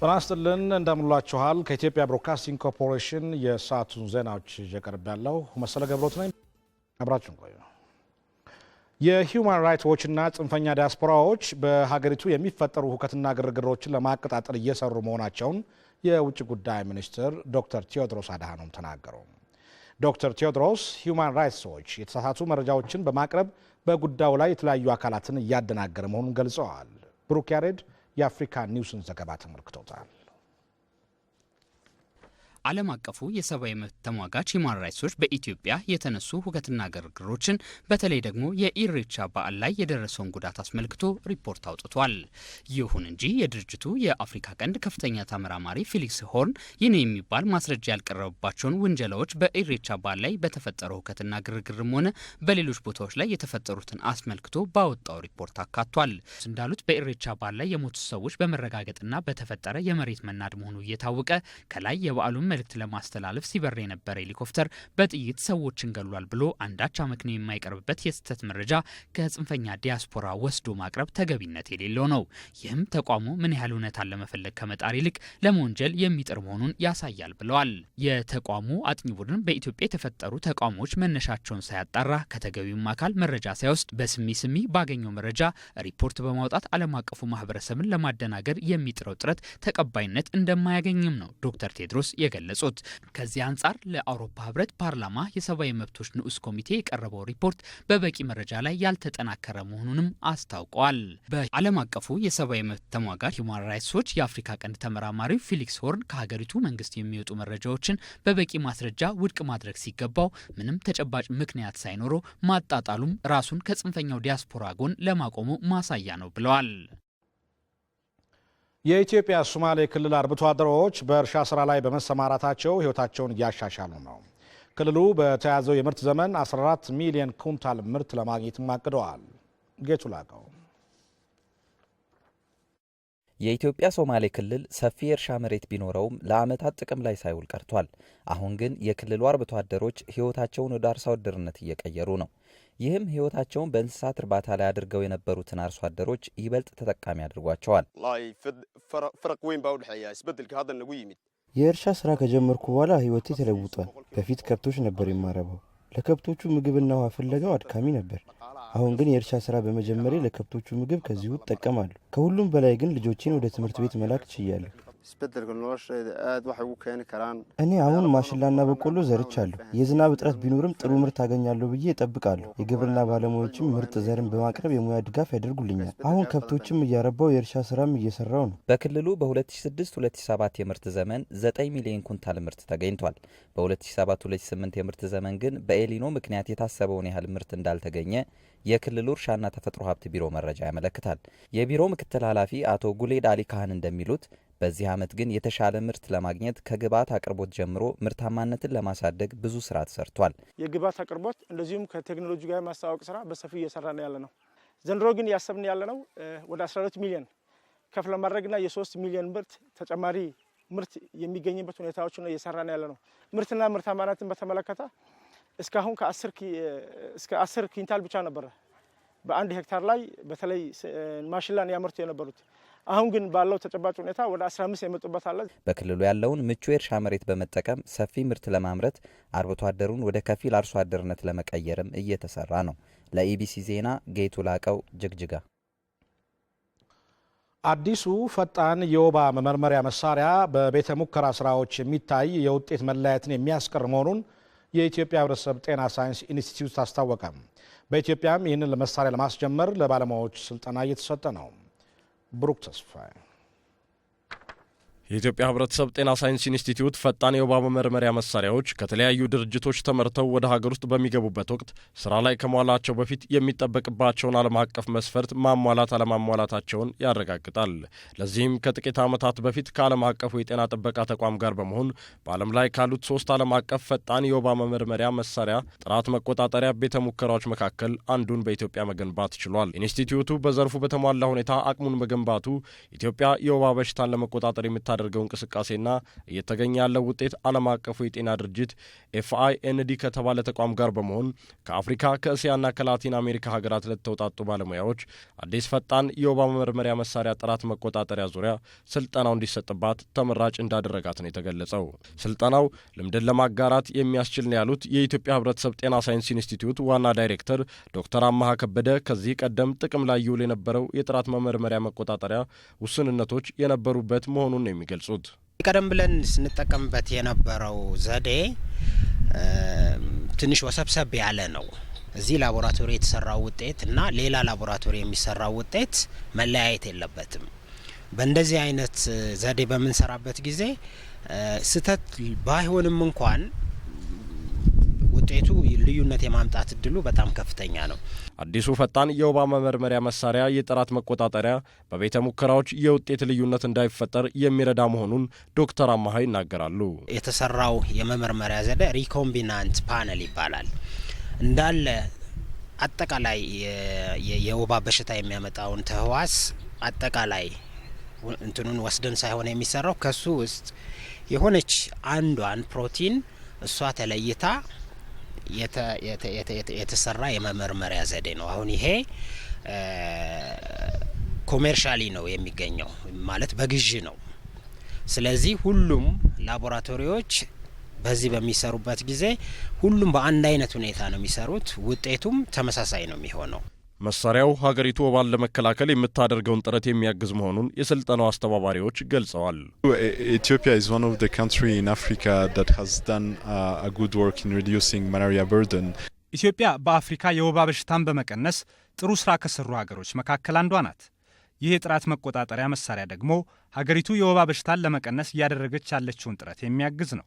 ጤና ይስጥልን እንደምንላችኋል። ከኢትዮጵያ ብሮድካስቲንግ ኮርፖሬሽን የሰዓቱን ዜናዎች እየቀርብ ያለው መሰለ ገብሮት ነኝ። አብራችን ቆዩ። የሂውማን ራይትስ ዎችና ጽንፈኛ ዲያስፖራዎች በሀገሪቱ የሚፈጠሩ ሁከትና ግርግሮችን ለማቀጣጠል እየሰሩ መሆናቸውን የውጭ ጉዳይ ሚኒስትር ዶክተር ቴዎድሮስ አድሃኖም ተናገሩ። ዶክተር ቴዎድሮስ ሂውማን ራይትስ ዎች የተሳሳቱ መረጃዎችን በማቅረብ በጉዳዩ ላይ የተለያዩ አካላትን እያደናገረ መሆኑን ገልጸዋል። ብሩክ ያሬድ የአፍሪካ ኒውስን ዘገባ ተመልክቶታል። ዓለም አቀፉ የሰብአዊ መብት ተሟጋች ሂማን ራይትሶች በኢትዮጵያ የተነሱ ሁከትና ግርግሮችን በተለይ ደግሞ የኢሬቻ በዓል ላይ የደረሰውን ጉዳት አስመልክቶ ሪፖርት አውጥቷል። ይሁን እንጂ የድርጅቱ የአፍሪካ ቀንድ ከፍተኛ ተመራማሪ ፊሊክስ ሆርን ይህን የሚባል ማስረጃ ያልቀረበባቸውን ውንጀላዎች በኢሬቻ በዓል ላይ በተፈጠረው ሁከትና ግርግርም ሆነ በሌሎች ቦታዎች ላይ የተፈጠሩትን አስመልክቶ ባወጣው ሪፖርት አካቷል። እንዳሉት በኢሬቻ በዓል ላይ የሞቱ ሰዎች በመረጋገጥና በተፈጠረ የመሬት መናድ መሆኑ እየታወቀ ከላይ የበዓሉን መልእክት ለማስተላለፍ ሲበር የነበረ ሄሊኮፕተር በጥይት ሰዎችን ገሏል ብሎ አንዳች አመክንዮ የማይቀርብበት የስህተት መረጃ ከጽንፈኛ ዲያስፖራ ወስዶ ማቅረብ ተገቢነት የሌለው ነው። ይህም ተቋሙ ምን ያህል እውነታን ለመፈለግ ከመጣር ይልቅ ለመወንጀል የሚጥር መሆኑን ያሳያል ብለዋል። የተቋሙ አጥኚ ቡድን በኢትዮጵያ የተፈጠሩ ተቃውሞዎች መነሻቸውን ሳያጣራ ከተገቢውም አካል መረጃ ሳይወስድ በስሚ ስሚ ባገኘው መረጃ ሪፖርት በማውጣት ዓለም አቀፉ ማህበረሰብን ለማደናገር የሚጥረው ጥረት ተቀባይነት እንደማያገኝም ነው ዶክተር ቴድሮስ የገለ የገለጹት። ከዚህ አንጻር ለአውሮፓ ህብረት ፓርላማ የሰብአዊ መብቶች ንዑስ ኮሚቴ የቀረበው ሪፖርት በበቂ መረጃ ላይ ያልተጠናከረ መሆኑንም አስታውቀዋል። በዓለም አቀፉ የሰብአዊ መብት ተሟጋች ሂውማን ራይትስ ዎች የአፍሪካ ቀንድ ተመራማሪው ፊሊክስ ሆርን ከሀገሪቱ መንግስት የሚወጡ መረጃዎችን በበቂ ማስረጃ ውድቅ ማድረግ ሲገባው ምንም ተጨባጭ ምክንያት ሳይኖረው ማጣጣሉም ራሱን ከጽንፈኛው ዲያስፖራ ጎን ለማቆሙ ማሳያ ነው ብለዋል። የኢትዮጵያ ሶማሌ ክልል አርብቶ አደሮች በእርሻ ስራ ላይ በመሰማራታቸው ህይወታቸውን እያሻሻሉ ነው። ክልሉ በተያዘው የምርት ዘመን 14 ሚሊዮን ኩንታል ምርት ለማግኘትም አቅደዋል። ጌቱ ላቀው የኢትዮጵያ ሶማሌ ክልል ሰፊ የእርሻ መሬት ቢኖረውም ለዓመታት ጥቅም ላይ ሳይውል ቀርቷል። አሁን ግን የክልሉ አርብቶ አደሮች ህይወታቸውን ወደ አርሶ አደርነት እየቀየሩ ነው። ይህም ህይወታቸውን በእንስሳት እርባታ ላይ አድርገው የነበሩትን አርሶ አደሮች ይበልጥ ተጠቃሚ አድርጓቸዋል። የእርሻ ስራ ከጀመርኩ በኋላ ህይወቴ ተለውጧል። በፊት ከብቶች ነበር የማረባው። ለከብቶቹ ምግብና ውሃ ፍለጋው አድካሚ ነበር። አሁን ግን የእርሻ ስራ በመጀመሬ ለከብቶቹ ምግብ ከዚሁ እጠቀማለሁ። ከሁሉም በላይ ግን ልጆቼን ወደ ትምህርት ቤት መላክ ችያለሁ። እኔ አሁን ማሽላና በቆሎ ዘርቻለሁ። የዝናብ እጥረት ቢኖርም ጥሩ ምርት አገኛለሁ ብዬ እጠብቃለሁ። የግብርና ባለሙያዎችም ምርጥ ዘርን በማቅረብ የሙያ ድጋፍ ያደርጉልኛል። አሁን ከብቶችም እያረባው የእርሻ ስራም እየሰራው ነው። በክልሉ በ2006/2007 የምርት ዘመን 9 ሚሊዮን ኩንታል ምርት ተገኝቷል። በ2007/2008 የምርት ዘመን ግን በኤሊኖ ምክንያት የታሰበውን ያህል ምርት እንዳልተገኘ የክልሉ እርሻና ተፈጥሮ ሀብት ቢሮ መረጃ ያመለክታል። የቢሮ ምክትል ኃላፊ አቶ ጉሌድ አሊ ካህን እንደሚሉት በዚህ ዓመት ግን የተሻለ ምርት ለማግኘት ከግብዓት አቅርቦት ጀምሮ ምርታማነትን ለማሳደግ ብዙ ስራ ተሰርቷል። የግብዓት አቅርቦት እንደዚሁም ከቴክኖሎጂ ጋር የማስተዋወቅ ስራ በሰፊው እየሰራ ነው ያለ ነው። ዘንድሮ ግን ያሰብን ያለ ነው ወደ 12 ሚሊዮን ከፍ ለማድረግና የሶስት ሚሊዮን ምርት ተጨማሪ ምርት የሚገኝበት ሁኔታዎች ነው እየሰራ ነው ያለ ነው። ምርትና ምርታማነትን በተመለከተ እስካሁን እስከ አስር ኪንታል ብቻ ነበረ በአንድ ሄክታር ላይ በተለይ ማሽላን ያመርቱ የነበሩት አሁን ግን ባለው ተጨባጭ ሁኔታ ወደ 15 የመጡበት አለ። በክልሉ ያለውን ምቹ የእርሻ መሬት በመጠቀም ሰፊ ምርት ለማምረት አርብቶ አደሩን ወደ ከፊል አርሶ አደርነት ለመቀየርም እየተሰራ ነው። ለኢቢሲ ዜና ጌቱ ላቀው ጅግጅጋ። አዲሱ ፈጣን የወባ መመርመሪያ መሳሪያ በቤተ ሙከራ ስራዎች የሚታይ የውጤት መለያየትን የሚያስቀር መሆኑን የኢትዮጵያ ሕብረተሰብ ጤና ሳይንስ ኢንስቲትዩት አስታወቀ። በኢትዮጵያም ይህንን መሳሪያ ለማስጀመር ለባለሙያዎች ስልጠና እየተሰጠ ነው። brooked us fire. የኢትዮጵያ ህብረተሰብ ጤና ሳይንስ ኢንስቲትዩት ፈጣን የወባ መመርመሪያ መሳሪያዎች ከተለያዩ ድርጅቶች ተመርተው ወደ ሀገር ውስጥ በሚገቡበት ወቅት ስራ ላይ ከመዋላቸው በፊት የሚጠበቅባቸውን ዓለም አቀፍ መስፈርት ማሟላት አለማሟላታቸውን ያረጋግጣል። ለዚህም ከጥቂት ዓመታት በፊት ከዓለም አቀፉ የጤና ጥበቃ ተቋም ጋር በመሆን በዓለም ላይ ካሉት ሶስት ዓለም አቀፍ ፈጣን የወባ መመርመሪያ መሳሪያ ጥራት መቆጣጠሪያ ቤተ ሙከራዎች መካከል አንዱን በኢትዮጵያ መገንባት ችሏል። ኢንስቲትዩቱ በዘርፉ በተሟላ ሁኔታ አቅሙን መገንባቱ ኢትዮጵያ የወባ በሽታን ለመቆጣጠር የምታ የምናደርገው እንቅስቃሴና እየተገኘ ያለው ውጤት ዓለም አቀፉ የጤና ድርጅት ኤፍአይኤንዲ ከተባለ ተቋም ጋር በመሆን ከአፍሪካ ከእስያና ከላቲን አሜሪካ ሀገራት ለተውጣጡ ባለሙያዎች አዲስ ፈጣን የወባ መመርመሪያ መሳሪያ ጥራት መቆጣጠሪያ ዙሪያ ስልጠናው እንዲሰጥባት ተመራጭ እንዳደረጋት ነው የተገለጸው። ስልጠናው ልምድን ለማጋራት የሚያስችል ነው ያሉት የኢትዮጵያ ሕብረተሰብ ጤና ሳይንስ ኢንስቲትዩት ዋና ዳይሬክተር ዶክተር አማሃ ከበደ ከዚህ ቀደም ጥቅም ላይ ይውል የነበረው የጥራት መመርመሪያ መቆጣጠሪያ ውስንነቶች የነበሩበት መሆኑን ነው የሚገልጹት። ቀደም ብለን ስንጠቀምበት የነበረው ዘዴ ትንሽ ወሰብሰብ ያለ ነው። እዚህ ላቦራቶሪ የተሰራው ውጤት እና ሌላ ላቦራቶሪ የሚሰራው ውጤት መለያየት የለበትም። በእንደዚህ አይነት ዘዴ በምንሰራበት ጊዜ ስህተት ባይሆንም እንኳን ውጤቱ ልዩነት የማምጣት እድሉ በጣም ከፍተኛ ነው። አዲሱ ፈጣን የወባ መመርመሪያ መሳሪያ የጥራት መቆጣጠሪያ በቤተ ሙከራዎች የውጤት ልዩነት እንዳይፈጠር የሚረዳ መሆኑን ዶክተር አማሀ ይናገራሉ። የተሰራው የመመርመሪያ ዘዴ ሪኮምቢናንት ፓነል ይባላል እንዳለ አጠቃላይ የወባ በሽታ የሚያመጣውን ተህዋስ አጠቃላይ እንትኑን ወስደን ሳይሆን የሚሰራው ከሱ ውስጥ የሆነች አንዷን ፕሮቲን እሷ ተለይታ የተሰራ የመመርመሪያ ዘዴ ነው። አሁን ይሄ ኮሜርሻሊ ነው የሚገኘው ማለት በግዥ ነው። ስለዚህ ሁሉም ላቦራቶሪዎች በዚህ በሚሰሩበት ጊዜ ሁሉም በአንድ አይነት ሁኔታ ነው የሚሰሩት። ውጤቱም ተመሳሳይ ነው የሚሆነው። መሳሪያው ሀገሪቱ ወባን ለመከላከል የምታደርገውን ጥረት የሚያግዝ መሆኑን የስልጠናው አስተባባሪዎች ገልጸዋል። ኢትዮጵያ ኢዝ ዋን ኦፍ ዘ ካንትሪ ኢን አፍሪካ ዳን አ ጉድ ወርክ ኢን ሪዲዩሲንግ ማላሪያ በርደን ኢትዮጵያ በአፍሪካ የወባ በሽታን በመቀነስ ጥሩ ስራ ከሰሩ ሀገሮች መካከል አንዷ ናት። ይህ የጥራት መቆጣጠሪያ መሳሪያ ደግሞ ሀገሪቱ የወባ በሽታን ለመቀነስ እያደረገች ያለችውን ጥረት የሚያግዝ ነው።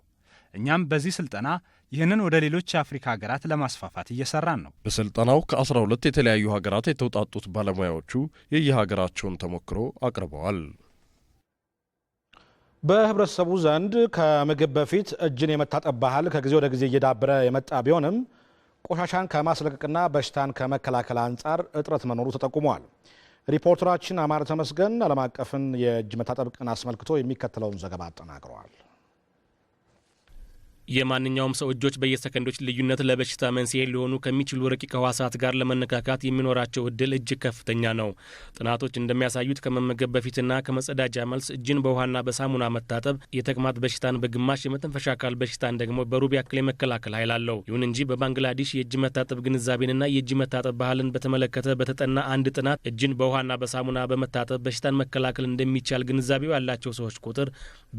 እኛም በዚህ ስልጠና ይህንን ወደ ሌሎች የአፍሪካ ሀገራት ለማስፋፋት እየሰራን ነው። በስልጠናው ከ12 የተለያዩ ሀገራት የተውጣጡት ባለሙያዎቹ የየሀገራቸውን ተሞክሮ አቅርበዋል። በህብረተሰቡ ዘንድ ከምግብ በፊት እጅን የመታጠብ ባህል ከጊዜ ወደ ጊዜ እየዳበረ የመጣ ቢሆንም ቆሻሻን ከማስለቀቅና በሽታን ከመከላከል አንጻር እጥረት መኖሩ ተጠቁሟል። ሪፖርተራችን አማረ ተመስገን ዓለም አቀፍን የእጅ መታጠብ ቀን አስመልክቶ የሚከተለውን ዘገባ አጠናቅረዋል። የማንኛውም ሰው እጆች በየሰከንዶች ልዩነት ለበሽታ መንስኤ ሊሆኑ ከሚችሉ ረቂቅ ህዋሳት ጋር ለመነካካት የሚኖራቸው እድል እጅግ ከፍተኛ ነው። ጥናቶች እንደሚያሳዩት ከመመገብ በፊትና ከመጸዳጃ መልስ እጅን በውሃና በሳሙና መታጠብ የተቅማጥ በሽታን በግማሽ የመተንፈሻ አካል በሽታን ደግሞ በሩብ ያክል የመከላከል ኃይል አለው። ይሁን እንጂ በባንግላዴሽ የእጅ መታጠብ ግንዛቤንና የእጅ መታጠብ ባህልን በተመለከተ በተጠና አንድ ጥናት እጅን በውሃና በሳሙና በመታጠብ በሽታን መከላከል እንደሚቻል ግንዛቤው ያላቸው ሰዎች ቁጥር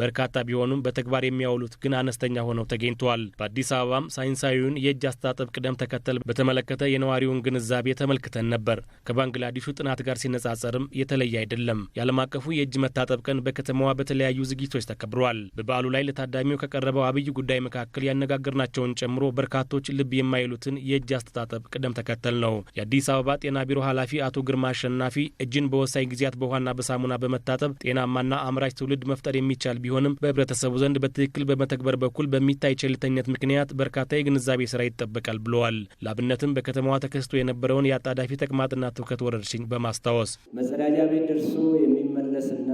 በርካታ ቢሆኑም በተግባር የሚያውሉት ግን አነስተኛ ሆነው ተገ ተገኝተዋል። በአዲስ አበባም ሳይንሳዊውን የእጅ አስተጣጠብ ቅደም ተከተል በተመለከተ የነዋሪውን ግንዛቤ ተመልክተን ነበር። ከባንግላዴሹ ጥናት ጋር ሲነጻጸርም የተለየ አይደለም። የዓለም አቀፉ የእጅ መታጠብ ቀን በከተማዋ በተለያዩ ዝግጅቶች ተከብረዋል። በበዓሉ ላይ ለታዳሚው ከቀረበው አብይ ጉዳይ መካከል ያነጋገርናቸውን ጨምሮ በርካቶች ልብ የማይሉትን የእጅ አስተጣጠብ ቅደም ተከተል ነው። የአዲስ አበባ ጤና ቢሮ ኃላፊ አቶ ግርማ አሸናፊ እጅን በወሳኝ ጊዜያት በውሃና በሳሙና በመታጠብ ጤናማና አምራች ትውልድ መፍጠር የሚቻል ቢሆንም በህብረተሰቡ ዘንድ በትክክል በመተግበር በኩል በሚታይ የቸልተኝነት ምክንያት በርካታ የግንዛቤ ስራ ይጠበቃል ብለዋል። ላብነትም በከተማዋ ተከስቶ የነበረውን የአጣዳፊ ተቅማጥና ትውከት ወረርሽኝ በማስታወስ መጸዳጃ ቤት ደርሶ የሚመለስና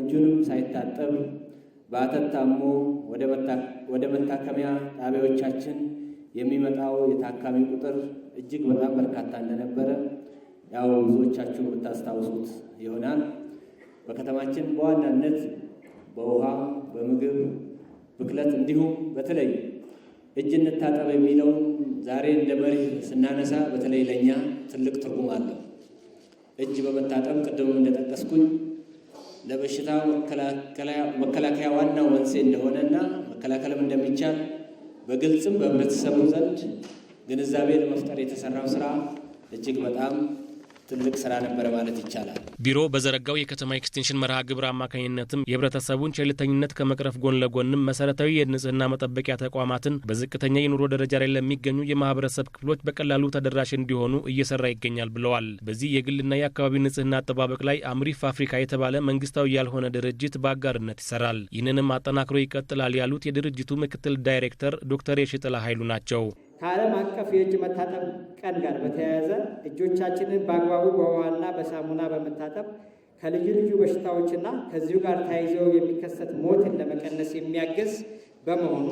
እጁንም ሳይታጠብ በአተት ታሞ ወደ መታከሚያ ጣቢያዎቻችን የሚመጣው የታካሚ ቁጥር እጅግ በጣም በርካታ እንደነበረ ያው ብዙዎቻችሁ የምታስታውሱት ይሆናል። በከተማችን በዋናነት በውሃ፣ በምግብ ብክለት እንዲሁም በተለይ እጅ እንታጠብ የሚለውን ዛሬ እንደ መሪ ስናነሳ በተለይ ለእኛ ትልቅ ትርጉም አለው። እጅ በመታጠብ ቅድምም እንደጠቀስኩኝ ለበሽታ መከላከያ ዋናው መንስኤ እና መከላከልም እንደሚቻል በግልጽም በህብረተሰቡ ዘንድ ግንዛቤ ለመፍጠር የተሰራው ስራ እጅግ በጣም ትልቅ ስራ ነበረ ማለት ይቻላል። ቢሮ በዘረጋው የከተማ ኤክስቴንሽን መርሃ ግብር አማካኝነትም የህብረተሰቡን ቸልተኝነት ከመቅረፍ ጎን ለጎንም መሰረታዊ የንጽህና መጠበቂያ ተቋማትን በዝቅተኛ የኑሮ ደረጃ ላይ ለሚገኙ የማህበረሰብ ክፍሎች በቀላሉ ተደራሽ እንዲሆኑ እየሰራ ይገኛል ብለዋል። በዚህ የግልና የአካባቢ ንጽህና አጠባበቅ ላይ አምሪፍ አፍሪካ የተባለ መንግስታዊ ያልሆነ ድርጅት በአጋርነት ይሰራል። ይህንንም አጠናክሮ ይቀጥላል ያሉት የድርጅቱ ምክትል ዳይሬክተር ዶክተር የሽጥላ ኃይሉ ናቸው። ከዓለም አቀፍ የእጅ መታጠብ ቀን ጋር በተያያዘ እጆቻችንን በአግባቡ በውሃና በሳሙና በመታጠብ ከልዩ ልዩ በሽታዎችና ከዚሁ ጋር ተያይዘው የሚከሰት ሞትን ለመቀነስ የሚያግዝ በመሆኑ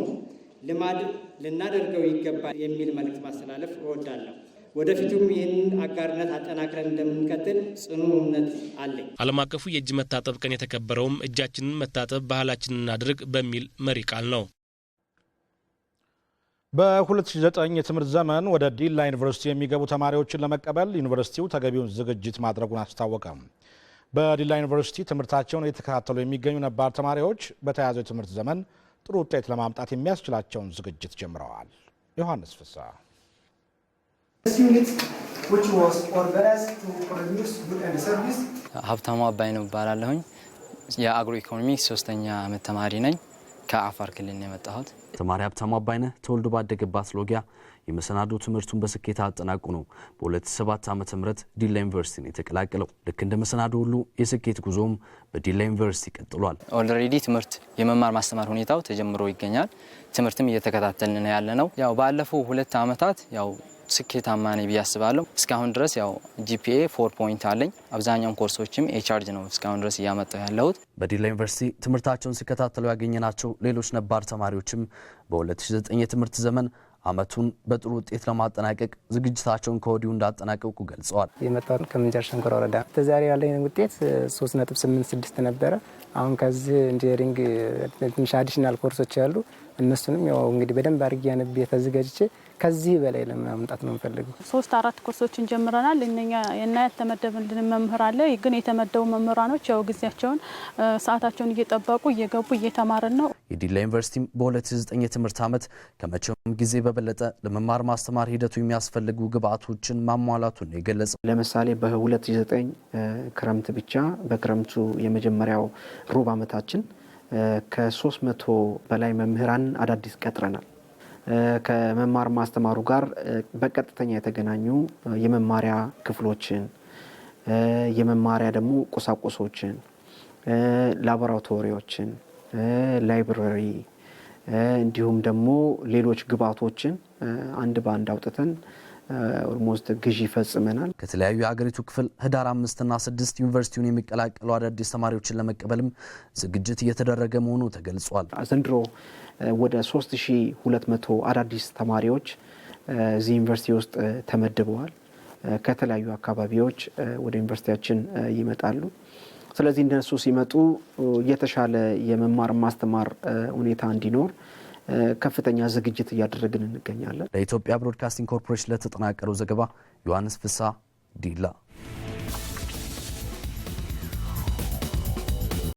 ልማድ ልናደርገው ይገባል የሚል መልእክት ማስተላለፍ እወዳለሁ። ወደፊቱም ይህንን አጋርነት አጠናክረን እንደምንቀጥል ጽኑ እምነት አለኝ። ዓለም አቀፉ የእጅ መታጠብ ቀን የተከበረውም እጃችንን መታጠብ ባህላችንን እናድርግ በሚል መሪ ቃል ነው። በ2009 የትምህርት ዘመን ወደ ዲላ ዩኒቨርሲቲ የሚገቡ ተማሪዎችን ለመቀበል ዩኒቨርሲቲው ተገቢውን ዝግጅት ማድረጉን አስታወቀ። በዲላ ዩኒቨርሲቲ ትምህርታቸውን እየተከታተሉ የሚገኙ ነባር ተማሪዎች በተያዘው የትምህርት ዘመን ጥሩ ውጤት ለማምጣት የሚያስችላቸውን ዝግጅት ጀምረዋል። ዮሐንስ ፍሳ ሀብታሙ አባይ ነው እባላለሁኝ። የአግሮ ኢኮኖሚክስ ሶስተኛ ዓመት ተማሪ ነኝ። ከአፋር ክልል ነው የመጣሁት። ተማሪ ሀብታሙ አባይነህ ተወልዶ ባደገባት ሎጊያ የመሰናዶ ትምህርቱን በስኬት አጠናቁ ነው በ ዓ ዓ.ም ዲላ ዩኒቨርሲቲን የተቀላቀለው። ልክ እንደ መሰናዶ ሁሉ የስኬት ጉዞም በዲላ ዩኒቨርሲቲ ቀጥሏል። ኦልሬዲ ትምህርት የመማር ማስተማር ሁኔታው ተጀምሮ ይገኛል። ትምህርትም እየተከታተልን ያለ ነው። ያው ባለፉ ሁለት ዓመታት ያው ስኬታማ ነኝ ብዬ አስባለሁ። እስካሁን ድረስ ያው ጂፒኤ ፎር ፖይንት አለኝ። አብዛኛውን ኮርሶችም ኤቻርጅ ነው እስካሁን ድረስ እያመጣው ያለሁት። በዲላ ዩኒቨርሲቲ ትምህርታቸውን ሲከታተሉ ያገኘናቸው ሌሎች ነባር ተማሪዎችም በ2009 የትምህርት ዘመን አመቱን በጥሩ ውጤት ለማጠናቀቅ ዝግጅታቸውን ከወዲሁ እንዳጠናቀቁ ገልጸዋል። የመጣሁት ከምንጃር ሸንኮራ ወረዳ ተዛሬ ያለኝ ውጤት 3.86 ነበረ። አሁን ከዚህ ኢንጂነሪንግ ትንሽ አዲሽናል ኮርሶች ያሉ እነሱንም ያው እንግዲህ በደንብ አድርጌ ያነብ ተዘጋጅቼ ከዚህ በላይ ለማምጣት ነው የምፈልገው። ሶስት አራት ኮርሶችን ጀምረናል። እነኛ እና ያልተመደብልን መምህር አለ። ግን የተመደቡ መምህራኖች ያው ጊዜያቸውን ሰዓታቸውን እየጠበቁ እየገቡ እየተማርን ነው። የዲላ ዩኒቨርሲቲ በ2009 የትምህርት ዓመት ከመቼውም ጊዜ በበለጠ ለመማር ማስተማር ሂደቱ የሚያስፈልጉ ግብዓቶችን ማሟላቱን ነው የገለጸው። ለምሳሌ በ2009 ክረምት ብቻ በክረምቱ የመጀመሪያው ሩብ ዓመታችን ከ300 በላይ መምህራን አዳዲስ ቀጥረናል። ከመማር ማስተማሩ ጋር በቀጥተኛ የተገናኙ የመማሪያ ክፍሎችን የመማሪያ ደግሞ ቁሳቁሶችን፣ ላቦራቶሪዎችን፣ ላይብረሪ እንዲሁም ደግሞ ሌሎች ግብዓቶችን አንድ በአንድ አውጥተን ኦልሞስት ግዢ ይፈጽመናል። ከተለያዩ የአገሪቱ ክፍል ህዳር አምስትና ስድስት ዩኒቨርሲቲውን የሚቀላቀሉ አዳዲስ ተማሪዎችን ለመቀበልም ዝግጅት እየተደረገ መሆኑ ተገልጿል። ዘንድሮ ወደ 3200 አዳዲስ ተማሪዎች እዚህ ዩኒቨርሲቲ ውስጥ ተመድበዋል። ከተለያዩ አካባቢዎች ወደ ዩኒቨርሲቲያችን ይመጣሉ። ስለዚህ እንደነሱ ሲመጡ የተሻለ የመማር ማስተማር ሁኔታ እንዲኖር ከፍተኛ ዝግጅት እያደረግን እንገኛለን። ለኢትዮጵያ ብሮድካስቲንግ ኮርፖሬሽን ለተጠናቀረው ዘገባ ዮሐንስ ፍሳ ዲላ